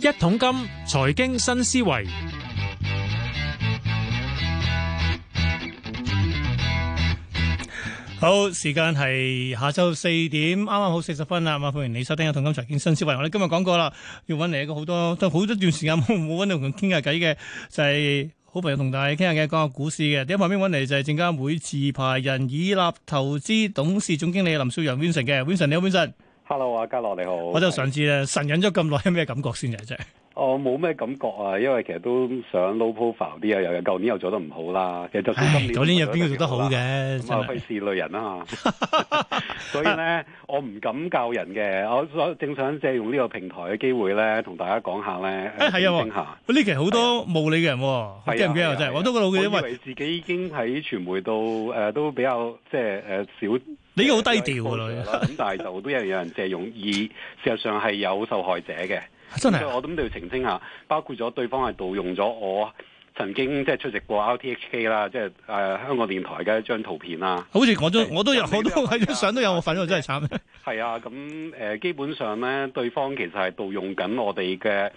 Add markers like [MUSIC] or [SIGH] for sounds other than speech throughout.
一桶金財經新思維，好，時間係下晝四點，啱啱好四十分啦！歡迎你收聽一桶金財經新思維。我哋今日講過啦，要搵嚟一個好多都好多段時間冇冇搵到同佢傾下偈嘅，就係好朋友同大家傾下偈，講下股市嘅。喺旁邊搵嚟就係證監會持牌人以立投資董事總經理林少陽 Vincent 嘅 Vincent。你好 Vincent。hello 啊，嘉樂你好，我就想知咧，神忍咗咁耐有咩感覺先嘅啫？哦，冇咩感覺啊，因為其實都想 low profile 啲啊，又有舊年又做得唔好啦，其實就算今年年又邊個做得好嘅咁啊，費事累人啦。所以咧，我唔敢教人嘅，我正想借用呢個平台嘅機會咧，同大家講下咧。誒係啊，呢期好多無理嘅人，記唔記得啊？真係我都覺得我以為自己已經喺傳媒度誒都比較即係誒少。你好低調喎，咁但係就都有人借用，而事實上係有受害者嘅，啊。真係，我都諗都要澄清下，包括咗對方係盜用咗我曾經即係出席過 RTHK 啦、就是，即係誒香港電台嘅一張圖片啦。好似我都我都有好多係啲相都有我份，真係慘。係啊，咁誒、啊、基本上咧，對方其實係盜用緊我哋嘅。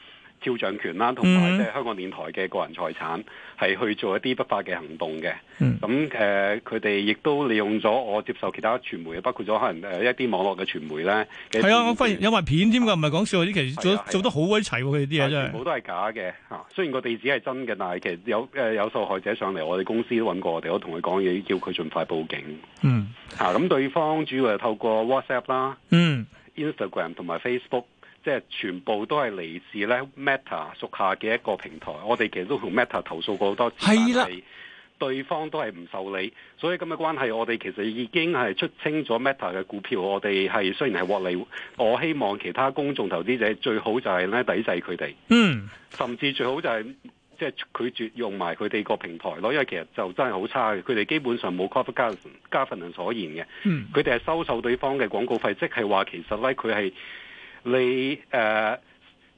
肖像權啦，同埋即係香港電台嘅個人財產，係去做一啲不法嘅行動嘅。咁誒、嗯，佢哋亦都利用咗我接受其他傳媒，包括咗可能誒一啲網絡嘅傳媒咧。係啊，我發現有埋片添㗎，唔係講笑。啲其實做、啊啊、做得好鬼齊㗎，佢哋啲嘢真係全部都係假嘅。嚇，雖然個地址係真嘅，但係其實有誒有受害者上嚟，我哋公司都揾過我哋，我同佢講嘢，叫佢盡快報警。嗯。嚇、啊，咁對方主要係透過 WhatsApp 啦、嗯、Instagram 同埋 Facebook。即係全部都係嚟自咧 Meta 屬下嘅一個平台，我哋其實都同 Meta 投訴過好多次，但係對方都係唔受理，所以咁嘅關係，我哋其實已經係出清咗 Meta 嘅股票，我哋係雖然係獲利，我希望其他公眾投資者最好就係咧抵制佢哋，嗯，甚至最好就係即係拒絕用埋佢哋個平台咯，因為其實就真係好差嘅，佢哋基本上冇 Cofe 加加芬能所言嘅，佢哋係收受對方嘅廣告費，即係話其實咧佢係。你誒、呃、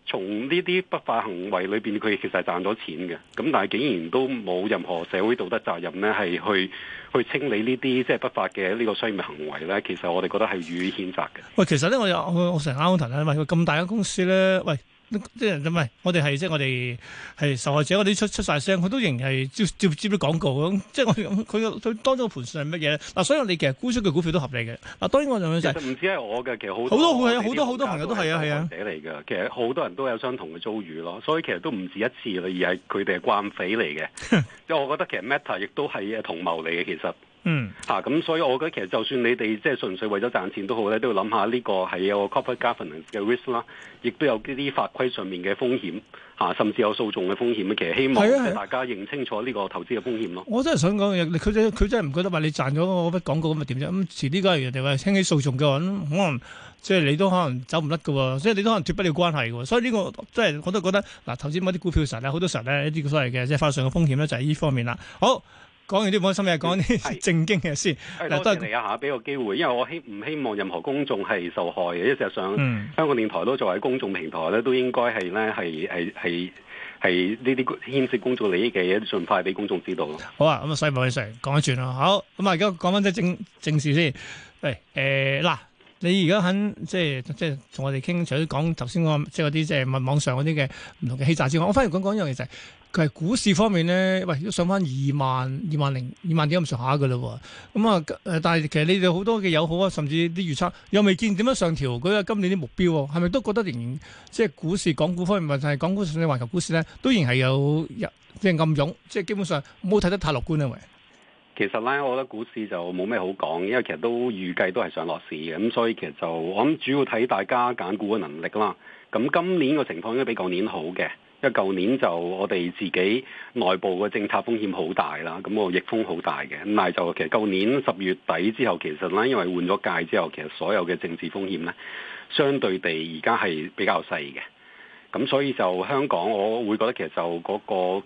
從呢啲不法行為裏邊，佢其實係賺咗錢嘅。咁但係竟然都冇任何社會道德責任咧，係去去清理呢啲即係不法嘅呢個商業行為咧。其實我哋覺得係予以譴責嘅。喂，其實咧，我有我成阿 Tony 咧，喂，咁大間公司咧，喂。即人唔係，我哋係即係我哋係受害者，我哋出出曬聲，佢都仍然係接接接啲廣告咁。即係我佢佢當中盤算係乜嘢？嗱、啊，所以我哋其實沽出嘅股票都合理嘅。啊，當然我認為就係、其實唔止係我嘅，其實好多好多好我多朋友我多都係啊，係啊。者嚟嘅，其實好多人都有相同嘅遭遇咯。所以其實都唔止一次啦，而係佢哋係慣匪嚟嘅。即係 [LAUGHS] 我覺得其實 Meta 亦都係同謀嚟嘅，其實。嗯，嚇咁、啊，所以我覺得其實就算你哋即係純粹為咗賺錢都好咧，都要諗下呢個係有 Corporate Governance 嘅 risk 啦，亦都有呢啲法規上面嘅風險嚇、啊，甚至有訴訟嘅風險。其實希望大家認清楚呢個投資嘅風險咯。啊啊、險我真係想講嘢，佢真佢真係唔覺得話你賺咗個廣告咁咪點啫？咁遲啲梗係人哋話興起訴訟嘅話，可能即係你都可能走唔甩嘅喎，即、就、係、是、你都可能脫不了關係嘅喎。所以呢、這個即係、就是、我都覺得嗱，投資某啲股票嘅實時候呢，好多時候呢，一啲所謂嘅即係法上嘅風險咧，就係呢方面啦。好。講完啲唔開心嘅，講啲正經嘅是先來。嗱，都係嚟下吓，俾個機會，因為我希唔希望任何公眾係受害嘅，因為事實上，香港電台都作為公眾平台咧，都應該係咧，係係係係呢啲牽涉公眾利益嘅嘢，盡快俾公眾知道咯。好啊，咁啊，所以唔好意思，講一轉啦。好，咁啊，而家講翻啲正正事先。喂、哎，誒、呃，嗱。你而家肯即係即係同我哋傾，除咗講頭先即係嗰啲即係網上嗰啲嘅唔同嘅欺詐之外，我反而講講一樣嘢就係佢係股市方面咧，喂都上翻二萬、二萬零二萬點咁上下嘅啦喎。咁、嗯、啊，但係其實你哋好多嘅友好啊，甚至啲預測又未見點樣上調嗰個今年啲目標喎，係咪都覺得仍然？即係股市、港股方面問題、港股甚至係環球股市咧，都仍係有有即係暗湧，即係基本上冇睇得太樂觀啊？喂！其實咧，我覺得股市就冇咩好講，因為其實都預計都係上落市嘅，咁所以其實就我諗主要睇大家揀股嘅能力啦。咁今年個情況應該比舊年好嘅，因為舊年就我哋自己內部嘅政策風險好大啦，咁個逆風好大嘅。咁但係就其實舊年十月底之後，其實咧因為換咗屆之後，其實所有嘅政治風險咧，相對地而家係比較細嘅。咁所以就香港，我會覺得其實就嗰個。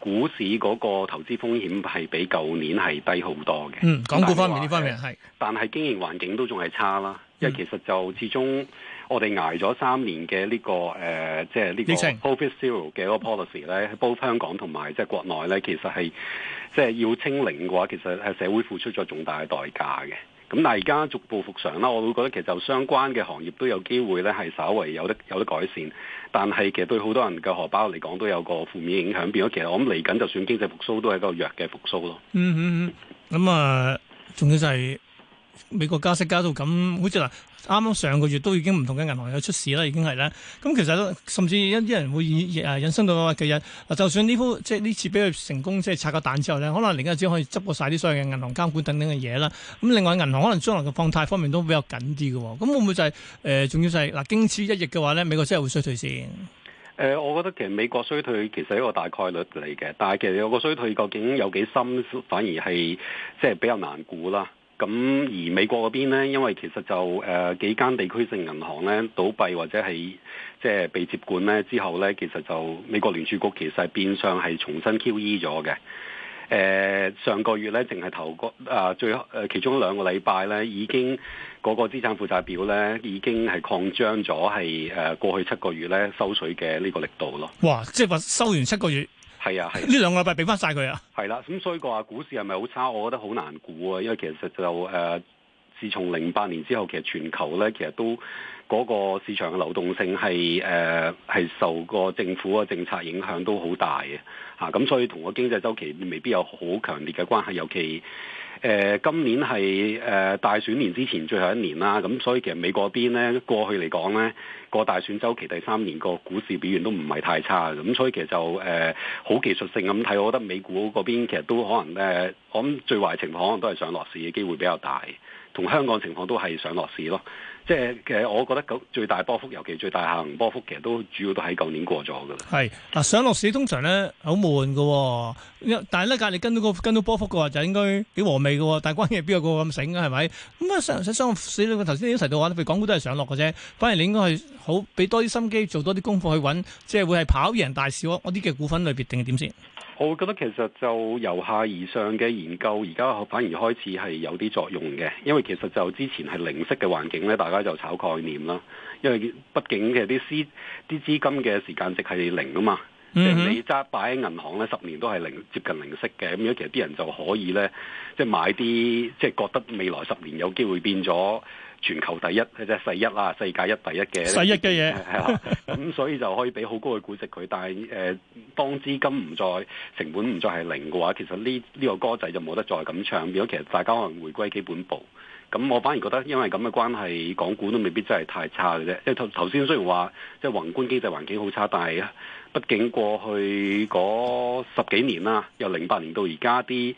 股市嗰個投資風險係比舊年係低好多嘅。嗯，港股方面呢是方面係，呃、但係經營環境都仲係差啦。因為、嗯、其實就始終我哋挨咗三年嘅呢、這個誒、呃、即係呢個 profit zero 嘅個 policy 咧，喺香港同埋即係國內咧，其實係即係要清零嘅話，其實係社會付出咗重大嘅代價嘅。咁但係而家逐步復常啦，我會覺得其實就相關嘅行業都有機會咧，係稍微有得有得改善，但係其實對好多人嘅荷包嚟講都有個負面影響，變咗其實我諗嚟緊就算經濟復蘇都係一個弱嘅復蘇咯。嗯嗯，嗯、咁、嗯、啊，仲要就係。嗯美國加息加到咁、嗯，好似嗱，啱啱上個月都已經唔同嘅銀行有出事啦，已經係啦。咁、嗯、其實都甚至一啲人會、啊、引引申到話，其實嗱，就算呢鋪即係呢次俾佢成功即係拆個彈之後咧，可能嚟緊只可以執過晒啲所有嘅銀行監管等等嘅嘢啦。咁、啊、另外銀行可能將來嘅放貸方面都比較緊啲嘅。咁、啊嗯、會唔會就係、是、誒？重、呃、要就係嗱，經此一役嘅話咧，美國真係會衰退先？誒、呃，我覺得其實美國衰退其實係一個大概率嚟嘅，但係其實有個衰退究竟有幾深，反而係即係比較難估啦。咁而美國嗰邊咧，因為其實就誒、呃、幾間地區性銀行咧倒閉或者係即係被接管咧之後咧，其實就美國聯儲局其實係變相係重新 QE 咗嘅。誒、呃、上個月咧，淨係頭個、呃、最誒、呃、其中兩個禮拜咧，已經個、嗰個資產負債表咧已經係擴張咗係誒過去七個月咧收水嘅呢個力度咯。哇！即係話收完七個月。係啊，呢兩個禮拜俾翻晒佢啊。係啦，咁所以話股市係咪好差？我覺得好難估啊，因為其實就誒、呃，自從零八年之後，其實全球咧，其實都嗰、那個市場嘅流動性係誒係受個政府嘅政策影響都好大嘅吓，咁、啊、所以同個經濟週期未必有好強烈嘅關係，尤其。誒今年係誒大選年之前最後一年啦，咁所以其實美國邊呢，過去嚟講呢，個大選週期第三年個股市表現都唔係太差，咁所以其實就誒好技術性咁睇，我覺得美股嗰邊其實都可能誒，我諗最壞情況可能都係上落市嘅機會比較大，同香港情況都係上落市咯。即係其實我覺得咁最大波幅，尤其最大下行波幅，其實都主要都喺舊年過咗噶啦。係嗱，上落市通常咧好悶噶、哦，但係咧隔離跟到個跟到波幅嘅話，就應該幾和味噶、哦。但關係關鍵係邊個個咁醒啊？係咪咁啊？上上，上，上，上，上，上落市你咧，頭先啲提到話，譬如港股都係上落嘅啫，反而你應該係好俾多啲心機做多啲功課去揾，即係會係跑贏大市。我啲嘅股份類別定係點先？我會覺得其實就由下而上嘅研究，而家反而開始係有啲作用嘅，因為其實就之前係零息嘅環境咧，大家就炒概念啦。因為畢竟其實啲資啲資金嘅時間值係零啊嘛，即係、mm hmm. 你揸擺喺銀行咧，十年都係零接近零息嘅。咁樣其實啲人就可以咧，即係買啲即係覺得未來十年有機會變咗全球第一，即係世一啦，世界一第一嘅世一嘅嘢， [LAUGHS] 咁所以就可以俾好高嘅估值佢。但係誒、呃，當資金唔再，成本唔再係零嘅話，其實呢呢、呢個歌仔就冇得再咁唱。如果其實大家可能回歸基本步，咁我反而覺得，因為咁嘅關係，港股都未必真係太差嘅啫。因為頭頭先雖然話，即、就、係、是、宏觀經濟環境好差，但係畢竟過去嗰十幾年啦，由零八年到而家啲。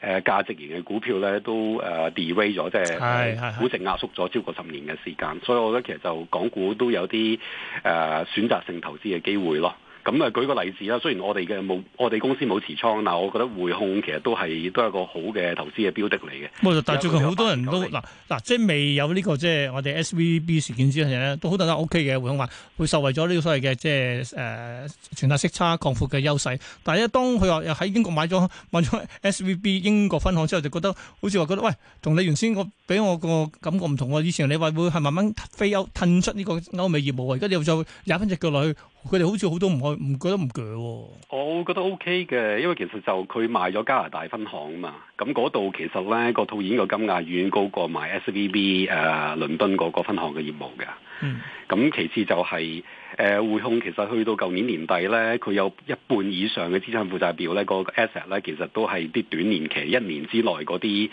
誒、uh, 價值型嘅股票咧都誒、uh, devalue 咗，即係估值壓縮咗超過十年嘅時間，所以我覺得其實就港股都有啲誒、uh, 選擇性投資嘅機會咯。咁啊，舉個例子啦。雖然我哋嘅冇，我哋公司冇持倉，嗱，我覺得匯控其實都係都係一個好嘅投資嘅標的嚟嘅。冇，但最近好多人都嗱嗱、啊這個，即係未有呢個即係我哋 S V B 事件之後，人咧都好大多 O K 嘅匯控，話會受惠咗呢個所謂嘅即係誒存貸息差擴闊嘅優勢。但係一當佢話又喺英國買咗買咗 S V B 英國分行之後，就覺得好似話覺得喂，同你原先我俾我個感覺唔同喎、哦。以前你話會係慢慢飛歐，褪出呢個歐美業務喎。而家你又再踩返隻腳落去。佢哋好似好多唔愛唔覺得唔鋸，哦，我覺得 OK 嘅，因為其實就佢賣咗加拿大分行啊嘛，咁嗰度其實咧個套現個金額遠遠高過賣 SVB 誒、呃、倫敦嗰個分行嘅業務嘅。咁、嗯、其次就係、是、誒、呃、匯控其實去到舊年年底咧，佢有一半以上嘅資產負債表咧、個 asset 咧，其實都係啲短年期一年之內嗰啲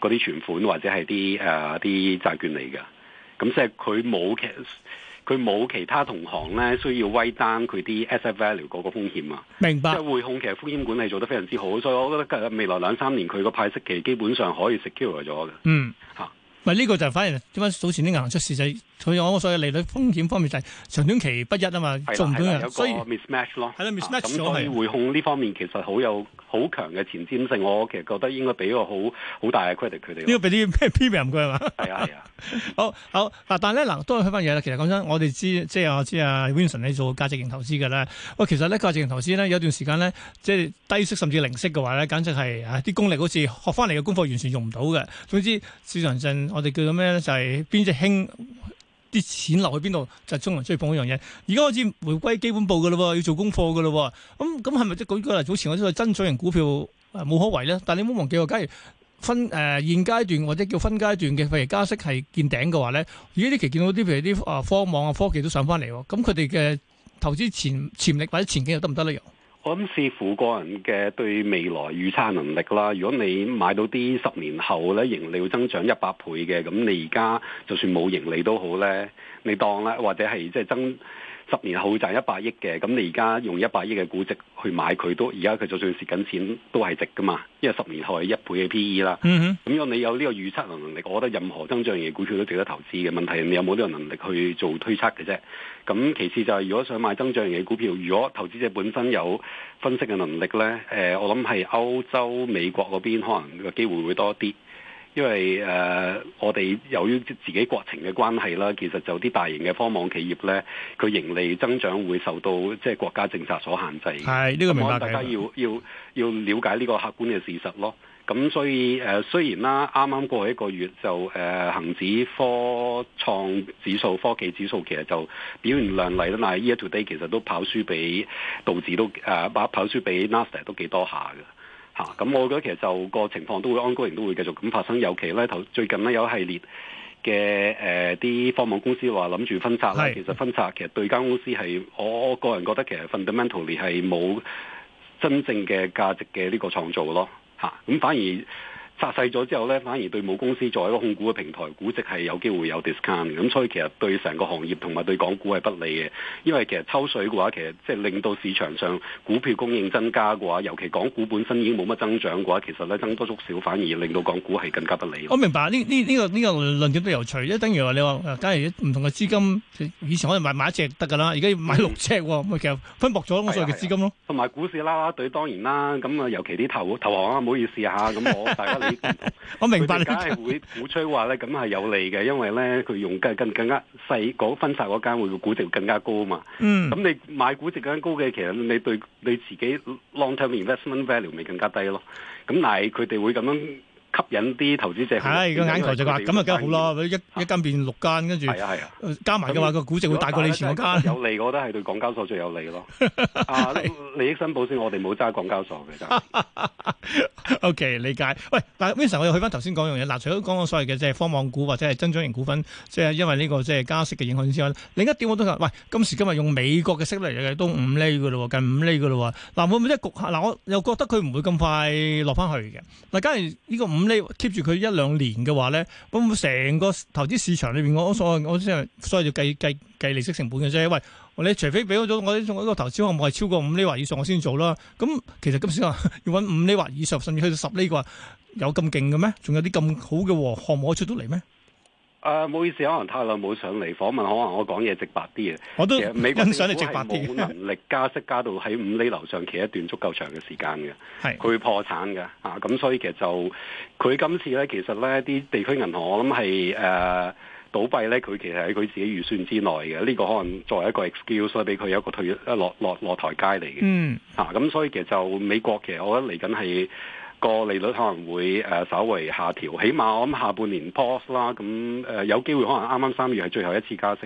啲存款或者係啲誒啲債券嚟嘅。咁即係佢冇其實。佢冇其他同行咧，需要威擔佢啲 asset value 個個風險啊，明白，即係匯控其實風險管理做得非常之好，所以我覺得未來兩三年佢個派息期基本上可以 secure 咗嘅。嗯，嚇、啊，唔係呢個就係反而點解早前啲銀行出事就係佢我，所以利率風險方面就係長短期不一啊嘛，係係係，所以 mismatch 咯，係咯 mismatch 咗，咁、啊、所以匯控呢方面其實好有。好強嘅前瞻性，我其實覺得應該俾個好好大嘅 credit 佢哋。呢個俾啲咩 pam 佢係嘛？係啊係啊，好好嗱，但係咧嗱，都係開翻嘢啦。其實講真，我哋知即係我知啊 Vincent 你做價值型投資嘅咧。喂，其實咧價值型投資咧有段時間咧，即係低息甚至零息嘅話咧，簡直係嚇啲功力好似學翻嚟嘅功課完全用唔到嘅。總之市場上我哋叫做咩咧、嗯，就係、是、邊隻興？啲錢流去邊度就係、是、中環追捧嗰樣嘢。而家開始回歸基本步嘅啦，要做功課嘅啦。咁咁係咪即係嗰句話？早前我哋話增長型股票冇可為咧，但係你冇忘記喎，假如分誒、呃、現階段或者叫分階段嘅，譬如加息係見頂嘅話咧，而家呢期見到啲譬如啲啊科網啊科技都上翻嚟，咁佢哋嘅投資潛潛力或者前景又得唔得咧？又？我諗視乎個人嘅對未來預測能力啦。如果你買到啲十年後咧，盈利會增長一百倍嘅，咁你而家就算冇盈利都好咧，你當咧或者係即係增。十年後賺一百億嘅，咁你而家用一百億嘅估值去買佢都，而家佢就算蝕緊錢都係值噶嘛？因為十年後係一倍嘅 PE 啦。咁 [NOISE] 如果你有呢個預測能力，我覺得任何增長型嘅股票都值得投資嘅。問題你有冇呢個能力去做推測嘅啫？咁其次就係如果想買增長型嘅股票，如果投資者本身有分析嘅能力呢，誒、呃，我諗係歐洲、美國嗰邊可能個機會會多啲。因為誒，uh, 我哋由於自己國情嘅關係啦，其實就啲大型嘅科網企業咧，佢盈利增長會受到即係、就是、國家政策所限制嘅。呢、這個大家要要要了解呢個客觀嘅事實咯。咁所以誒，uh, 雖然啦，啱啱過去一個月就誒，恆、uh, 指科創指數、科技指數其實就表現亮麗啦。嗯、但係，year-to-date 其實都跑輸俾道指都誒，把、uh, 跑輸俾 Nasdaq 都幾多下嘅。嚇，咁、嗯、我覺得其實就個情況都會 ongoing 都會繼續咁發生。尤其咧，頭最近呢，有一系列嘅誒啲科網公司話諗住分拆啦。是其實分拆其實對間公司係我，我個人覺得其實 fundamentally 係冇真正嘅價值嘅呢個創造咯。嚇、啊，咁、嗯、反而。殺細咗之後咧，反而對母公司作為一個控股嘅平台，估值係有機會有 discount，咁所以其實對成個行業同埋對港股係不利嘅。因為其實抽水嘅話，其實即係令到市場上股票供應增加嘅話，尤其港股本身已經冇乜增長嘅話，其實咧，增多縮少反而令到港股係更加不利。我明白，呢呢呢個呢個論點都有趣，因為等於話你話，假如唔同嘅資金，以前可能買買一隻得噶啦，而家要買六隻，咁咪、嗯、其實分薄咗咁多嘅資金咯。同埋、哎哎、股市啦啦隊當然啦，咁啊尤其啲投投行啊，唔好意思吓，咁我大家。 [LAUGHS] [LAUGHS] [LAUGHS] 我明白，梗係會鼓吹話咧，咁係有利嘅，因為咧佢用梗係更更加細，嗰分拆嗰間會個估值會更加高啊嘛。嗯，咁你買估值更加高嘅，其實你對你自己 long term investment value 咪更加低咯。咁但係佢哋會咁樣。吸引啲投資者，係個、啊、眼球就話咁啊，梗係好啦。啊、一一間變六間，跟住、啊啊、加埋嘅話，個估值會大過你前嗰間。有利，我覺得係對港交所最有利咯。利益申報先，我哋冇揸港交所嘅就。 [LAUGHS] [LAUGHS] o、okay, K，理解。喂，但 Vincent 我又去翻頭先講樣嘢。嗱、啊，除咗講個所謂嘅即係科網股或者係增長型股份，即、就、係、是、因為呢個即係加息嘅影響之外，另一點我都話，喂，今時今日用美國嘅息率嚟計都五厘嘅咯，近五厘嘅咯。嗱、啊，會唔會即係局客？嗱、啊，我又覺得佢唔會咁快落翻去嘅。嗱、啊，假如呢個五你 keep 住佢一兩年嘅話咧，咁成個投資市場裏邊，我我我先所以要計計計利息成本嘅啫。喂，你除非俾咗咗我啲個投資項目係超過五厘或以上我，我先做啦。咁其實今時話要揾五厘或以上，甚至去到十厘個話，有咁勁嘅咩？仲有啲咁好嘅項目出到嚟咩？啊，冇、呃、意思，可能太耐冇上嚟訪問，可能我講嘢直白啲嘅。我都其實美國欣賞你直白啲。美國其實冇能力加息加到喺五厘樓上企一段足夠長嘅時間嘅，係佢 [LAUGHS] 會破產嘅啊！咁所以其實就佢今次咧，其實咧啲地區銀行我諗係誒倒閉咧，佢其實係佢自己預算之內嘅。呢、這個可能作為一個 excuse 所以俾佢有一個退落落落台階嚟嘅。嗯，啊咁所以其實就美國其實我覺得嚟緊係。個利率可能會誒稍微下調，起碼我諗下半年 pause 啦，咁誒有機會可能啱啱三月係最後一次加息，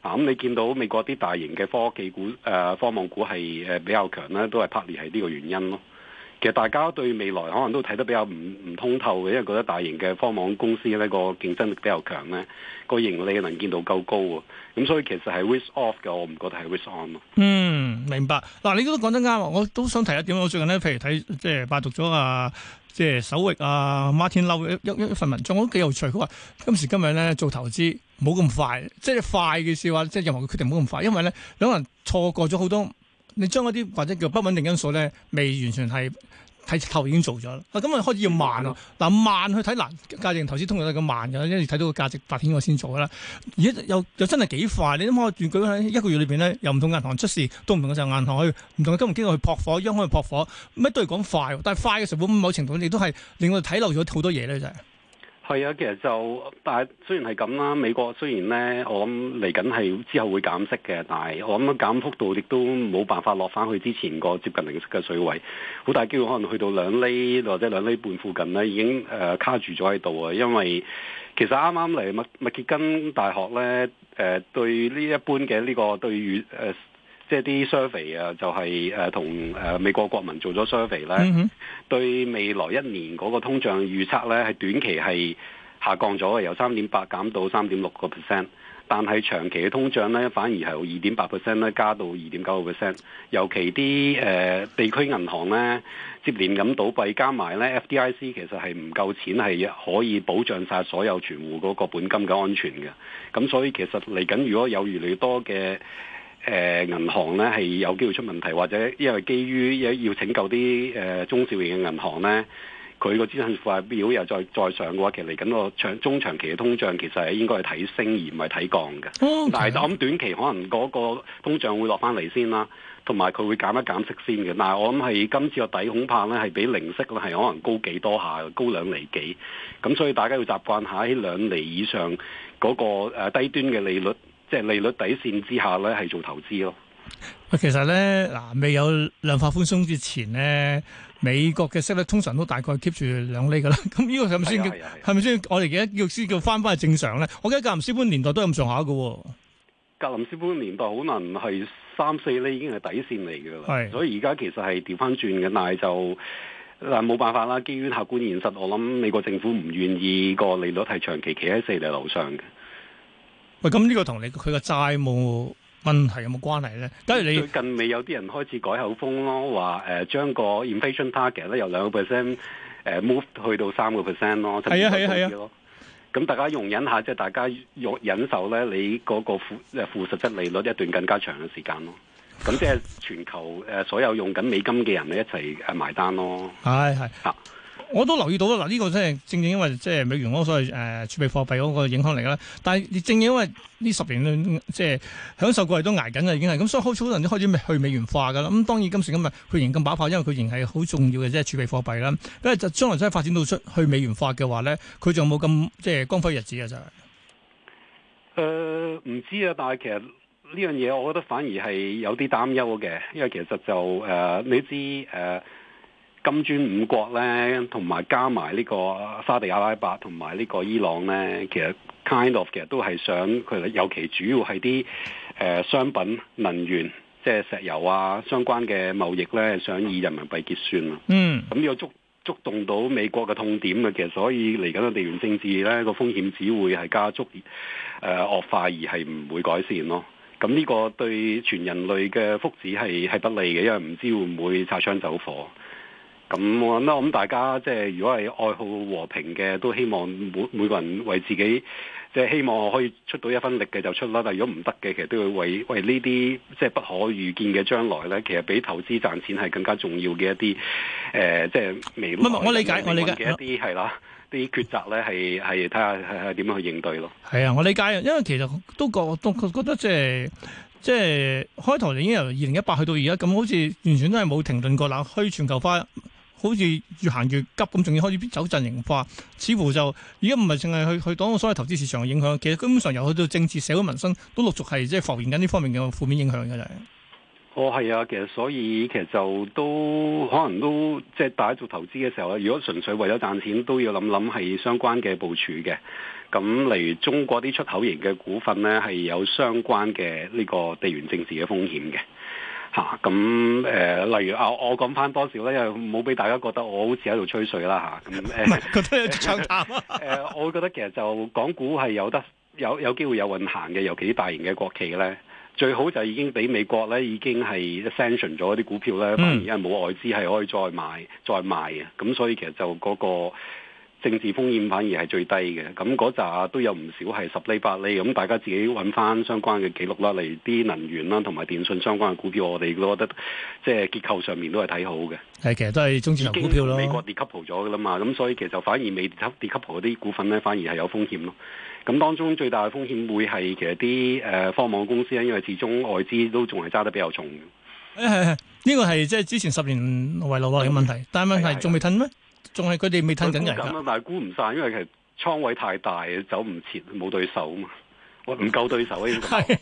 啊咁你見到美國啲大型嘅科技股、誒科網股係誒比較強咧，都係 partly 係呢個原因咯。其實大家對未來可能都睇得比較唔唔通透嘅，因為覺得大型嘅科網公司呢、個競爭力比較強咧，個盈利能見度夠高喎。咁所以其實係 risk off 嘅，我唔覺得係 risk on 咯。嗯，明白。嗱、啊，你都講得啱我都想提一點，我最近呢，譬如睇即係拜讀咗啊，即係首域啊、呃、Martin Lou 一一一份文章，都幾有趣。佢話今時今日咧做投資冇咁快，即係快嘅事話，即係任何嘅決定冇咁快，因為咧可能錯過咗好多。你將一啲或者叫不穩定因素咧，未完全係睇透已經做咗啦。咁啊開始要慢嗱，嗯、慢去睇難、啊、價值投資，通常都咁慢嘅，因為睇到個價值發先我先做啦。而家又又真係幾快，你諗下？如果喺一個月裏邊咧，有唔同銀行出事，都唔同嘅時候銀行去，唔同嘅金融機構去撲火，央行去撲火，乜都係講快。但係快嘅時候，冇某程度亦都係令我哋睇漏咗好多嘢咧，就係、是。係啊，其實就但係雖然係咁啦，美國雖然咧，我諗嚟緊係之後會減息嘅，但係我諗減幅度亦都冇辦法落翻去之前個接近零息嘅水位，好大機會可能去到兩厘或者兩厘半附近咧，已經誒、呃、卡住咗喺度啊！因為其實啱啱嚟密密歇根大學咧，誒、呃、對呢一般嘅呢、這個對於誒。呃即係啲 survey 啊、就係，就係誒同誒美國國民做咗 survey 咧、嗯哼，對未來一年嗰個通脹預測咧，係短期係下降咗嘅，由三點八減到三點六個 percent，但係長期嘅通脹咧反而係由二點八 percent 咧，加到二點九個 percent。尤其啲誒、呃、地區銀行咧接連咁倒閉，加埋咧 FDIC 其實係唔夠錢係可以保障晒所有存戶嗰個本金嘅安全嘅。咁所以其實嚟緊如果有越嚟越多嘅，誒、呃、銀行咧係有機會出問題，或者因為基於要拯救啲誒、呃、中小型嘅銀行咧，佢個資產負債表又再再上嘅話，其實嚟緊個長中長期嘅通脹其實係應該係睇升而唔係睇降嘅。Okay. 但係我諗短期可能嗰個通脹會落翻嚟先啦、啊，同埋佢會減一減息先嘅。但係我諗係今次個底恐怕咧係比零息係可能高幾多下，高兩厘幾。咁所以大家要習慣下喺兩厘以上嗰個低端嘅利率。即係利率底線之下咧，係做投資咯。其實咧，嗱未有量化寬鬆之前咧，美國嘅息率通常都大概 keep 住兩厘㗎啦。咁、 [LAUGHS] 啊啊啊、呢個係咪先？係咪先？我哋而家叫先叫翻翻係正常咧。我記得格林斯潘年代都係咁上下㗎。格林斯潘年代可能係三四厘已經係底線嚟㗎啦。是所以而家其實係調翻轉嘅，但係就嗱冇辦法啦。基於客觀現實，我諗美國政府唔願意個利率係長期企喺四厘樓上嘅。喂，咁呢個同你佢個債務問題有冇關係咧？但係你最近未有啲人開始改口風咯，話誒將個 inflation target 咧由兩個 percent 誒 move 去到三個 percent 咯，係啊係啊係啊咯。咁大家容忍下，即係大家用忍受咧，你嗰個負誒負實質利率一段更加長嘅時間咯。咁即係全球誒、呃、所有用緊美金嘅人咧一齊誒埋單咯。係係吓。我都留意到啦，嗱、這、呢個真係正正因為即係美元嗰個所謂誒儲、呃、備貨幣嗰個影響嚟啦。但係正正因為呢十年即係、呃、享受過嚟都挨緊啦，已經係咁，所以好早好多人都開始去美元化噶啦。咁當然今時今日佢仍咁把炮，因為佢仍係好重要嘅即係儲備貨幣啦。咁啊就將來真係發展到出去美元化嘅話咧，佢仲有冇咁即係光輝日子啊？就係誒唔知啊，但係其實呢樣嘢，我覺得反而係有啲擔憂嘅，因為其實就誒、呃、你知誒。呃 [MUSIC] 金磚五國咧，同埋加埋呢個沙地阿拉伯同埋呢個伊朗咧，其實 kind of 其實都係想佢哋，尤其主要係啲誒商品能源，即係石油啊相關嘅貿易咧，想以人民幣結算啊。Mm. 嗯，咁呢個觸觸動到美國嘅痛點嘅，其實所以嚟緊嘅地緣政治咧，個風險只會係加速誒、呃、惡化，而係唔會改善咯。咁、嗯、呢、呢個對全人類嘅福祉係係不利嘅，因為唔知會唔會擦槍走火。咁我諗啦，咁大家即係如果係愛好和平嘅，都希望每每個人為自己，即係希望可以出到一分力嘅就出啦。但如果唔得嘅，其實都要為為呢啲即係不可預見嘅將來咧，其實比投資賺錢係更加重要嘅一啲，誒、呃，即係未來。咁我理解，我理解一啲係啦，啲抉擇咧係係睇下係係點樣去應對咯。係啊，我理解啊，因為其實都覺都覺得即係即係開頭已經由二零一八去到而家，咁好似完全都係冇停頓過啦，去全，全球化。好似越行越急咁，仲要開始走陣營化，似乎就而家唔係淨係去去講所謂投資市場嘅影響，其實根本上由去到政治、社會、民生都陸續係即係浮現緊呢方面嘅負面影響嘅。哦，係啊，其實所以其實就都可能都即係大家做投資嘅時候，如果純粹為咗賺錢，都要諗諗係相關嘅部署嘅。咁例如中國啲出口型嘅股份呢，係有相關嘅呢個地緣政治嘅風險嘅。咁誒、啊呃，例如啊，我講翻多少咧，因為冇俾大家覺得我好似喺度吹水啦嚇。唔係覺得有搶談，我覺得其實就港股係有得有有機會有運行嘅，尤其啲大型嘅國企咧，最好就已經俾美國咧已經係 ascension 咗啲股票咧，因、嗯、而冇外資係可以再買再賣嘅。咁所以其實就嗰、那個。政治風險反而係最低嘅，咁嗰扎都有唔少係十厘八厘，咁大家自己揾翻相關嘅記錄啦。嚟啲能源啦，同埋電信相關嘅股票，我哋都覺得即係結構上面都係睇好嘅。係，其實都係中字頭股票咯。美國 decouple 咗㗎啦嘛，咁所以其實反而未 decouple 嗰啲股份呢，反而係有風險咯。咁當中最大嘅風險會係其實啲誒科網公司咧，因為始終外資都仲係揸得比較重。係，呢個係即係之前十年遺留落嚟嘅問題，嗯、但係問題仲未褪咩？呀仲係佢哋未吞緊人咁啊，但係沽唔晒，因為其實倉位太大，走唔切，冇對手啊嘛。唔 [LAUGHS] 夠對手啊！係，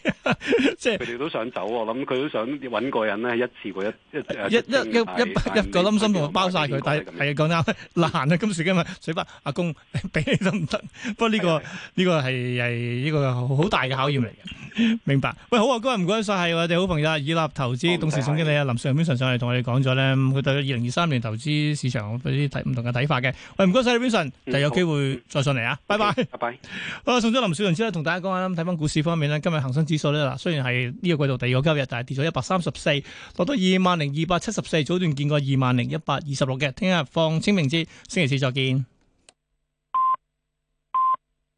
即係佢哋都想走，我諗佢都想揾個人咧，一次過一次一 [LAUGHS] 一一一一個冧心就包晒佢， [LAUGHS] 但係講得啱，難啊！今時今日，水伯阿公俾你得唔得？不過呢個呢個係係呢個好大嘅考驗嚟嘅。明白。喂，好啊，各位唔該晒。係我哋好朋友以立投資董事總經理啊林少陽上嚟同我哋講咗咧，佢對二零二三年投資市場有啲唔同嘅睇法嘅。喂，唔該曬，林先生，就有機會再上嚟啊！拜拜。拜拜。好啊，送咗林少陽先啦，同大家講下睇翻股市方面咧，今日恒生指數咧，嗱雖然係呢個季度第二個交易日，但係跌咗一百三十四，落到二萬零二百七十四，早段見過二萬零一百二十六嘅。聽日放清明節，星期四再見。